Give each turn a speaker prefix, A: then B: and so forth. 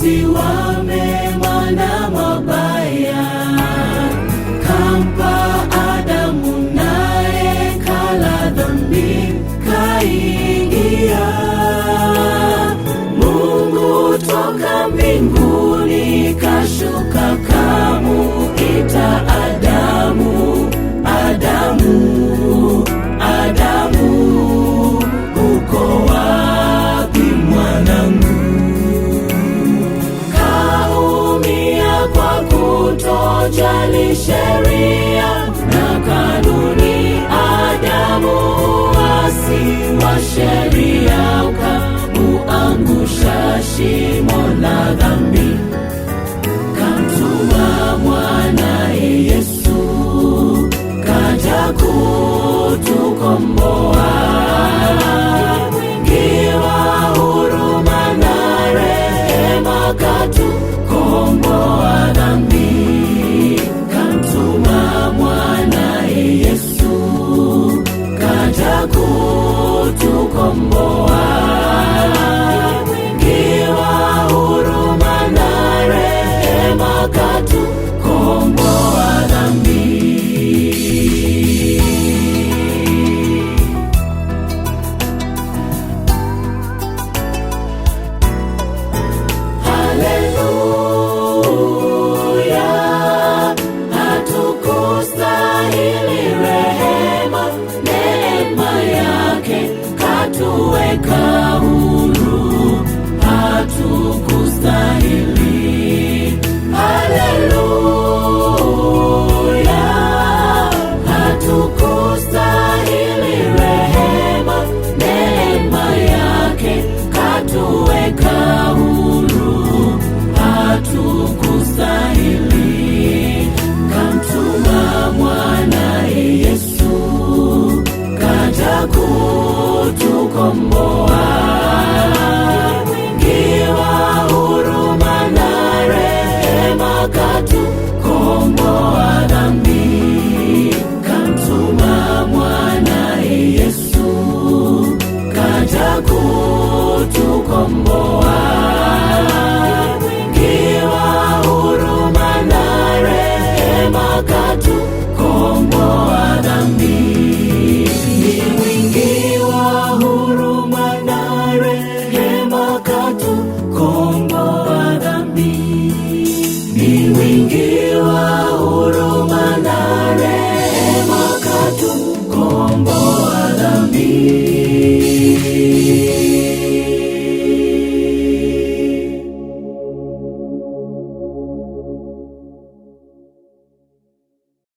A: e o amém. kujali sheria na kanuni, Adamu asi wa sheria ukamuangusha shimo la dhambi, kamtuma mwanaye Yesu kaja kutukomboa. Hatukuweka huru, hatukustahili. Haleluya, hatukustahili rehema, neema yake katuweka huru